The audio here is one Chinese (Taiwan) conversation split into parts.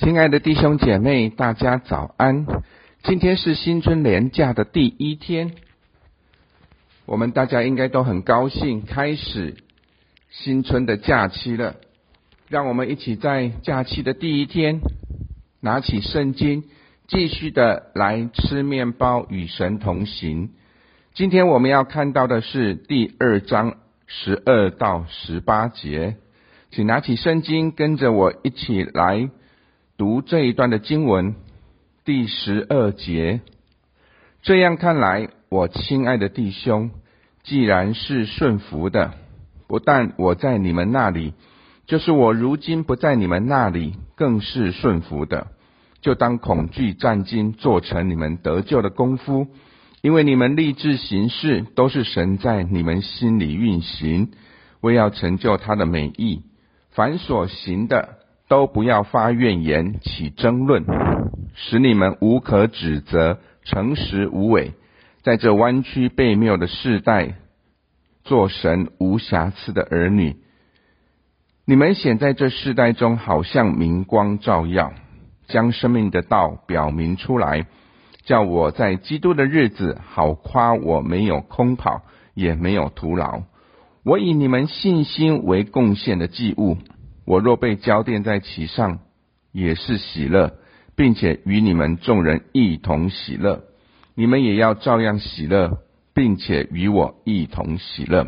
親愛的弟兄姐妹，大家早安！今天是新春年假的第一天，我們大家應該都很高興，開始新春的假期了。讓我們一起在假期的第一天，拿起聖經，繼續的來吃面包與神同行。今天我們要看到的是第二章十二到十八節，請拿起聖經，跟着我一起來。讀這一段的經文，第十二節。這樣看來，我親愛的弟兄，既然是順服的，不但我在你們那裡，就是我如今不在你們那裡，更是順服的。就當恐懼戰兢，做成你們得救的功夫，因為你們立志行事，都是神在你們心裡運行，為要成就他的美意。凡所行的，都不要發怨言、起爭論，使你們無可指責、誠實無偽，在這彎曲悖謬的世代，做神無瑕疵的兒女。你們顯在這世代中，好像明光照耀，將生命的道表明出來，叫我在基督的日子，好誇我沒有空跑，也沒有徒勞。我以你們信心為供獻的祭物。我若被交墊在其上，也是喜樂，並且與你們眾人一同喜樂。你們也要照樣喜樂，並且與我一同喜樂。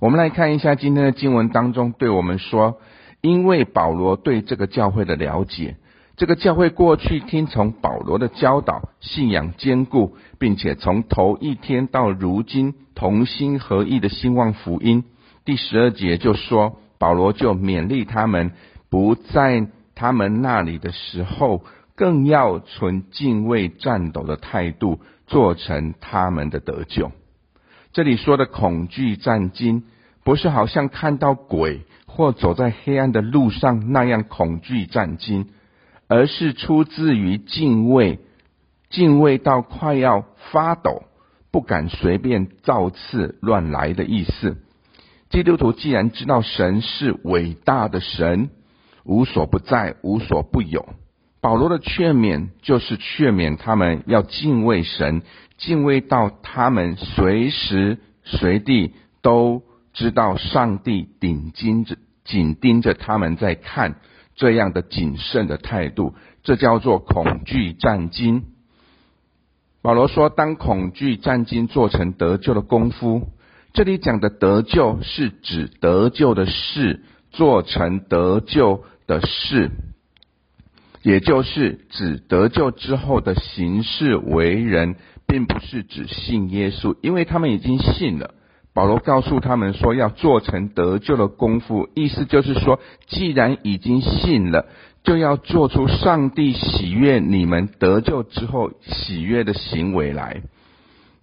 我們來看一下今天的經文當中對我們說，因為保羅對這個教會的了解，這個教會過去聽從保羅的教導，信仰堅固，並且從頭一天到如今同心合意的興旺福音，第十二節就說。保羅就勉勵他們，不在他們那裡的時候，更要存敬畏、顫抖的態度，做成他們的得救。這裡說的恐懼戰兢，不是好像看到鬼或走在黑暗的路上那樣恐懼戰兢，而是出自於敬畏，敬畏到快要發抖，不敢隨便造次亂來的意思。基督徒既然知道神是偉大的神，無所不在，無所不有，保羅的勸勉就是勸勉他們要敬畏神，敬畏到他們隨時隨地都知道上帝頂盯着、緊盯着他們在看,這樣的謹慎的態度，這叫做恐懼戰驚。保羅說：“當恐懼戰驚做成得救的功夫。”這裡講的得救是指得救的事，做成得救的事，也就是指得救之後的行事為人，並不是指信耶穌，因為他們已經信了。保羅告訴他們說，要做成得救的功夫，意思就是說，既然已經信了，就要做出上帝喜悅你們得救之後喜悅的行為來。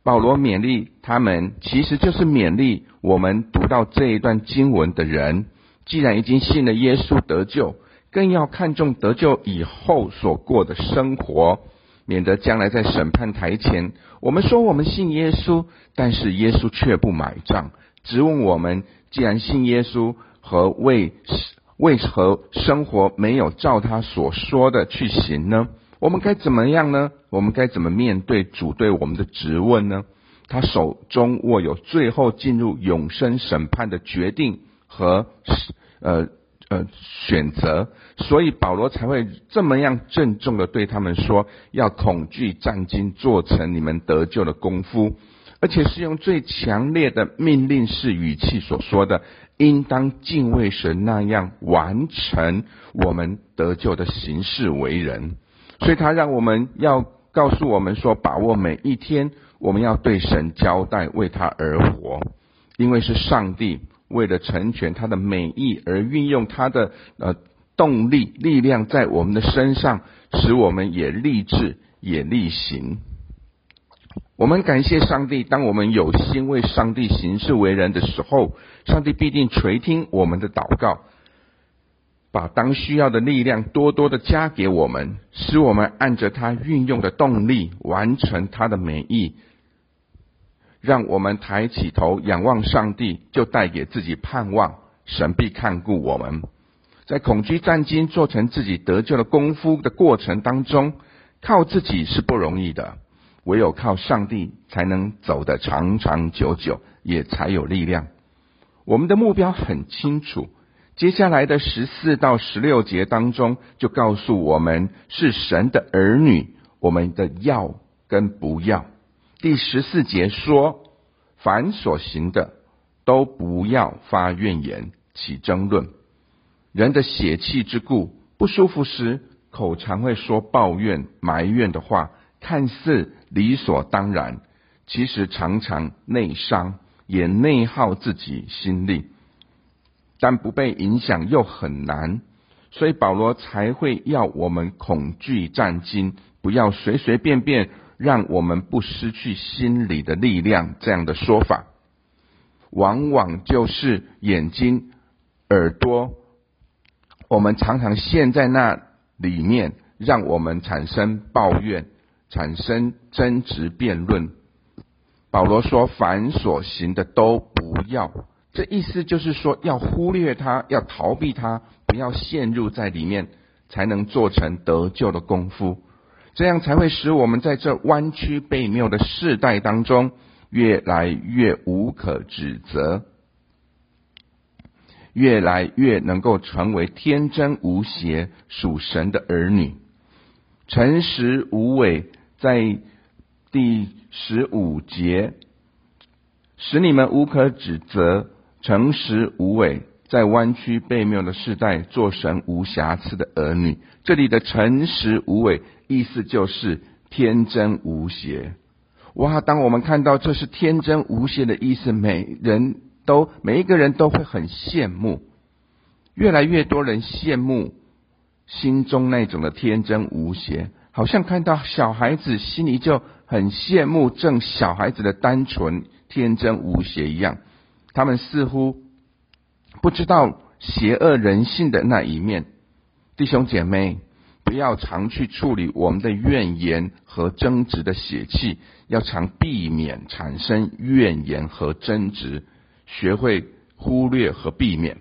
保羅勉勵他們，其實就是勉勵我們讀到這一段經文的人。既然已經信了耶穌得救，更要看重得救以後所過的生活，免得將來在審判台前，我們說我們信耶穌，但是耶穌卻不買賬，質問我們：既然信耶穌，和為，為何生活沒有照他所說的去行呢？我們該怎麼樣呢？我們該怎麼面對主對我們的質問呢？他手中握有最後進入永生審判的決定和呃呃選擇，所以保羅才會這麼樣鄭重的對他們說：要恐懼戰兢，做成你們得救的功夫，而且是用最強烈的命令式語氣所說的，應當敬畏神那樣完成我們得救的行事為人。所以他讓我們要。告訴我們說，把握每一天，我們要對神交代，為他而活，因為是上帝為了成全他的美意而運用他的呃動力力量在我們的身上，使我們也立志也力行。我們感謝上帝，當我們有心為上帝行事為人的時候，上帝必定垂聽我們的禱告。把當需要的力量多多的加給我們，使我們按着他運用的動力完成他的美意。讓我們抬起頭仰望上帝，就帶給自己盼望。神必看顧我們，在恐懼戰兢做成自己得救的功夫的過程當中，靠自己是不容易的，唯有靠上帝才能走得長長久久，也才有力量。我們的目標很清楚。接下來的十四到十六節當中，就告訴我們是神的兒女，我們的要跟不要。第十四節說：凡所行的，都不要發怨言，起爭論。人的血氣之故，不舒服時，口常會說抱怨、埋怨的話，看似理所當然，其實常常內傷，也內耗自己心力。但不被影響又很難，所以保羅才會要我們恐懼戰兢，不要隨隨便便，讓我們不失去心理的力量。這樣的說法，往往就是眼睛、耳朵，我們常常陷在那裡面，讓我們產生抱怨、產生爭執、辯論。保羅說：“凡所行的都不要。”這意思就是說，要忽略它，要逃避它，不要陷入在裡面，才能做成得救的功夫。這樣才會使我們在這彎曲悖謬的世代當中，越來越無可指責，越來越能夠成為天真無邪屬神的兒女，誠實無偽，在第十五節，使你們無可指責。誠實無偽，在彎曲悖謬的世代，做神無瑕疵的兒女。這裡的誠實無偽意思就是天真無邪。哇！當我們看到這是天真無邪的意思，每人都每一個人都會很羨慕，越來越多人羨慕心中那種的天真無邪，好像看到小孩子心裡就很羨慕正小孩子的單純天真無邪一樣。他們似乎不知道邪惡人性的那一面。弟兄姐妹，不要常去處理我們的怨言和爭執的血氣，要常避免產生怨言和爭執，學會忽略和避免。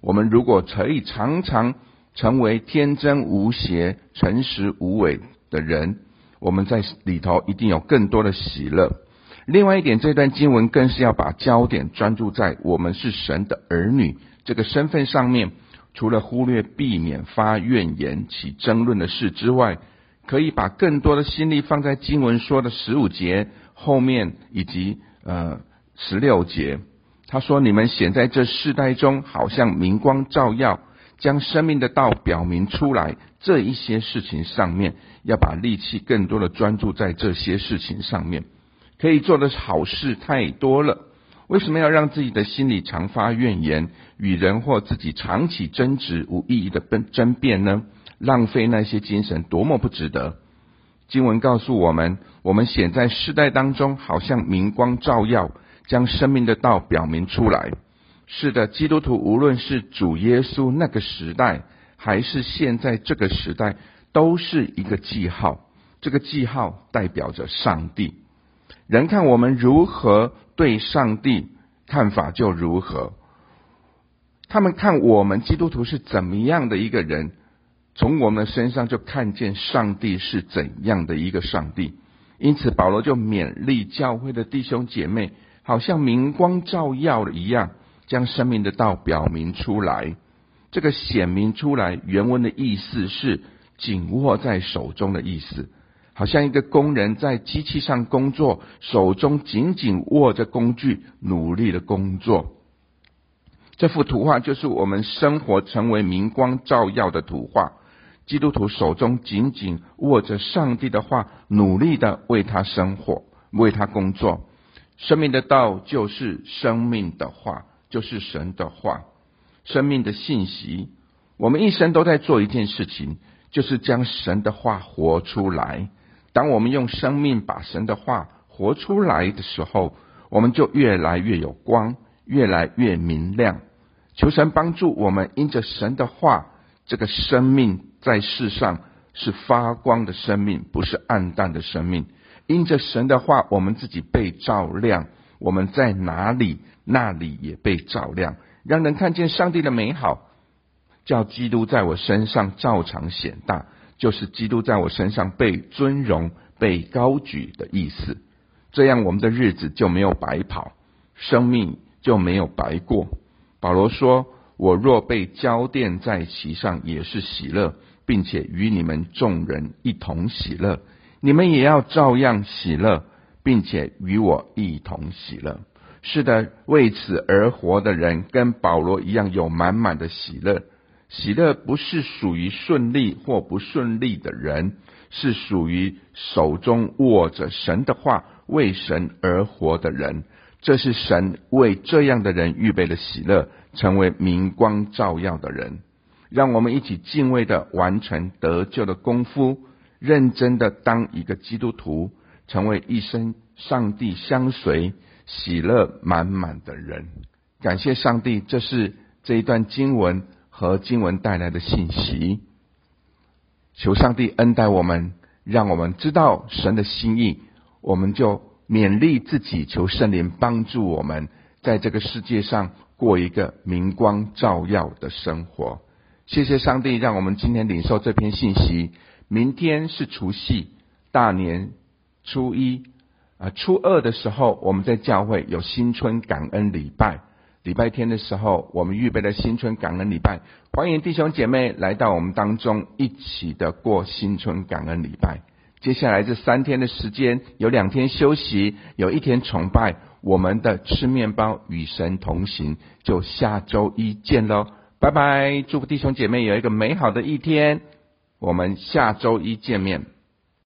我們如果可以常常成為天真無邪、誠實無偽的人，我們在裡頭一定有更多的喜樂。另外一點，這段經文更是要把焦點專注在我們是神的兒女這個身份上面。除了忽略、避免發怨言、起爭論的事之外，可以把更多的心力放在經文說的十五節後面以及呃十六節。他說：“你們顯在這世代中，好像明光照耀，將生命的道表明出來。這一些事情上面，要把力氣更多的專注在這些事情上面。”可以做的好事太多了，為什麼要讓自己的心裡常發怨言，與人或自己長期爭執、無意義的爭爭辯呢？浪費那些精神，多麼不值得！經文告訴我們，我們顯在世代當中，好像明光照耀，將生命的道表明出來。是的，基督徒無論是主耶穌那個時代，還是現在這個時代，都是一個記號。這個記號代表着上帝。人看我們如何，對上帝看法就如何。他們看我們基督徒是怎麼樣的一個人，從我們身上就看見上帝是怎樣的一個上帝。因此，保羅就勉勵教會的弟兄姐妹，好像明光照耀了一樣，將生命的道表明出來。這個顯明出來，原文的意思是緊握在手中的意思。好像一個工人在機器上工作，手中緊緊握着工具，努力的工作。這幅圖畫就是我們生活成為明光照耀的圖畫。基督徒手中緊緊握着上帝的話，努力的為他生活，為他工作。生命的道就是生命的話，就是神的話，生命的信息。我們一生都在做一件事情，就是將神的話活出來。當我們用生命把神的話活出來的時候，我們就越來越有光，越來越明亮。求神幫助我們，因着神的話，這個生命在世上是發光的生命，不是暗淡的生命。因着神的話，我們自己被照亮，我們在哪裡，那裡也被照亮，讓人看見上帝的美好，叫基督在我身上照常顯大。就是基督在我身上被尊榮、被高舉的意思，這樣我們的日子就沒有白跑，生命就沒有白過。保羅說：“我若被澆奠在其上，也是喜樂，並且與你們眾人一同喜樂。你們也要照樣喜樂，並且與我一同喜樂。”是的，為此而活的人，跟保羅一樣，有滿滿的喜樂。喜樂不是屬於順利或不順利的人，是屬於手中握着神的話、為神而活的人。這是神為這樣的人預備的喜樂，成為明光照耀的人。讓我們一起敬畏的完成得救的功夫，認真的當一個基督徒，成為一生上帝相隨、喜樂滿滿的人。感謝上帝，這是這一段經文。和經文帶來的信息，求上帝恩待我們，讓我們知道神的心意，我們就勉勵自己，求聖靈幫助我們，在這個世界上過一個明光照耀的生活。謝謝上帝，讓我們今天領受這篇信息。明天是除夕，大年初一，啊，初二的時候，我們在教會有新春感恩禮拜。禮拜天的時候，我們預備了新春感恩禮拜，歡迎弟兄姐妹來到我們當中一起的過新春感恩禮拜。接下來這三天的時間，有兩天休息，有一天崇拜。我們的吃麵包與神同行，就下周一見咯，拜拜！祝福弟兄姐妹有一個美好的一天，我們下周一見面。